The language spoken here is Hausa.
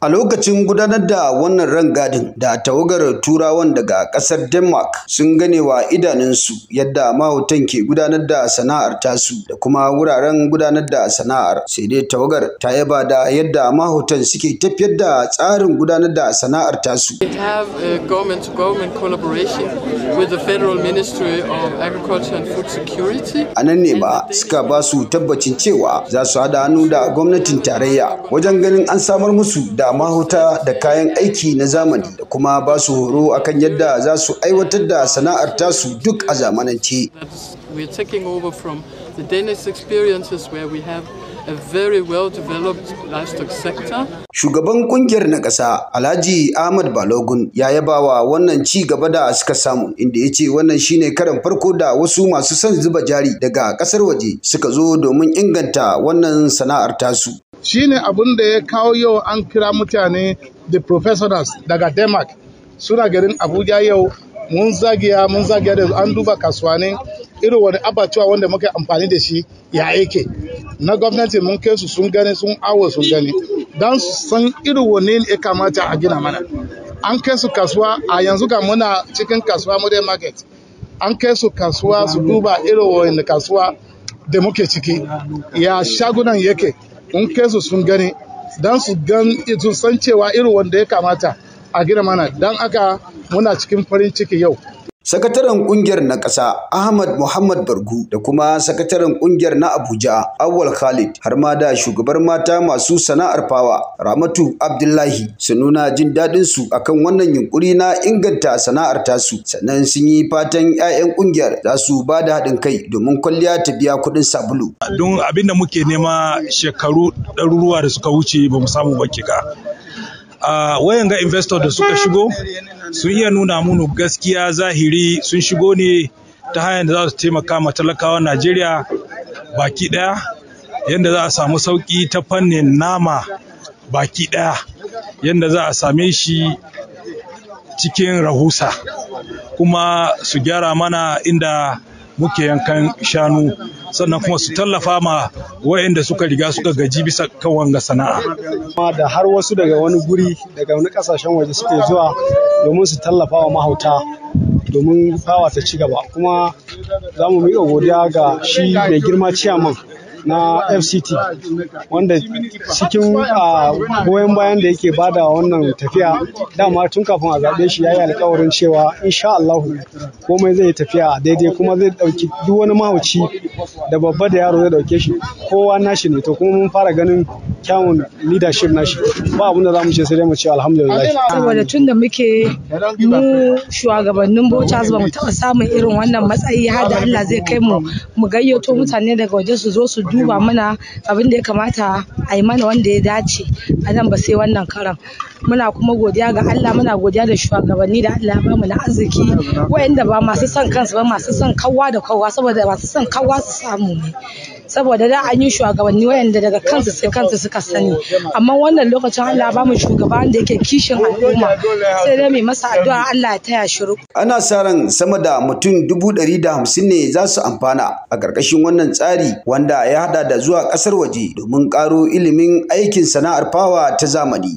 A lokacin gudanar da wannan rangadin da tawagar Turawan daga ƙasar Denmark sun gane wa idanunsu yadda mahautan ke gudanar da sana'ar tasu da kuma wuraren gudanar da sana'ar. Sai dai tawagar ta yaba da yadda mahautan suke tafiyar da tsarin gudanar da sana'ar tasu. We have a with the Ministry of Agriculture and Security. A nan ne ba suka ba su tabbacin cewa za su haɗa hannu da gwamnatin tarayya wajen ganin an samar musu da da mahuta da kayan aiki na zamani da kuma ba su horo akan yadda za su aiwatar da sana'ar tasu duk a zamanance. Shugaban kungiyar na ƙasa Alhaji Ahmad Balogun ya yaba wa wannan ci gaba da suka samu inda ya ce wannan shine karan farko da wasu masu son zuba jari daga ƙasar waje suka zo domin inganta wannan sana'ar tasu. shi ne abin da ya kawo yau an kira mutane the professionals daga denmark suna garin abuja yau mun zagiya mun zagiya da an duba kasuwanin irin wani abacewa wanda muka amfani da shi ya yake na gwamnati mun kai su sun gani sun awo sun gani don san irin wani ne ya kamata a gina mana an kai su kasuwa a yanzu ga muna cikin kasuwa modern market an kai su kasuwa su duba irin wani kasuwa da muke ciki ya shagunan yake in kai su sun gani don su gan sun san cewa irin wanda ya kamata a gina mana don aka muna cikin farin ciki yau Sakataren ƙungiyar na ƙasa Ahmad Muhammad Bargu da kuma sakataren ƙungiyar na Abuja Awal Khalid har ma da shugabar mata masu sana'ar fawa Ramatu Abdullahi su nuna jin daɗin su akan wannan yunkuri na inganta sana'ar tasu sannan sun yi fatan 'ya'yan ƙungiyar za su ba da haɗin kai domin kwalliya ta biya kuɗin sabulu. Don abin da muke nema shekaru ɗaruruwa da suka wuce ba samu ba ka. Uh, ah, wayan ga investor da suka shigo sun iya nuna munu gaskiya zahiri sun shigo ne ta hanyar da za su taimaka ma talakawan Najeriya baki ɗaya yadda za a samu sauƙi ta fannin nama baki ɗaya yadda za a same shi cikin rahusa kuma su gyara mana inda muke yankan shanu sannan kuma su tallafa ma wayanda suka riga suka gaji bisa kan wanga sana'a da har wasu daga wani guri daga wani kasashen waje suke zuwa domin su tallafa wa mahauta domin fawa ta ci gaba kuma za mu miƙa godiya ga shi mai girma ciyaman na fct wanda cikin ah, goyon bayan da yake bada wannan tafiya dama tun kafin a zaɓe shi ya yi alkawarin cewa insha allahu komai zai tafiya daidai kuma zai ɗauki duk wani mahauci da babba da yaro zai ɗauke shi kowa nashi ne to kuma mun fara ganin kyawun leadership nashi ba abin da za mu ce sai dai mu ce alhamdulillah saboda tun da muke mu shugabannin bocha ba mu taɓa samun irin wannan matsayi har da Allah zai kai mu mu gayyato mutane daga waje su zo su duba mana abin da ya kamata a yi mana wanda ya dace a nan ba sai wannan karan muna kuma godiya ga Allah muna godiya da shugabanni da Allah ba mu na arziki wayanda ba masu son kansu ba masu son kawwa da kawwa saboda masu son kawwa su samu ne saboda da an yi shugabanni wayanda daga kansu sai kansu suka sani amma wannan lokacin Allah ba mu shugaba da yake kishin al'umma sai dai mai masa addu'a Allah ya taya shi ana sa ran sama da mutum dubu ɗari da hamsin ne za su amfana a ƙarƙashin wannan tsari wanda ya haɗa da zuwa ƙasar waje domin ƙaro ilimin aikin sana'ar fawa ta zamani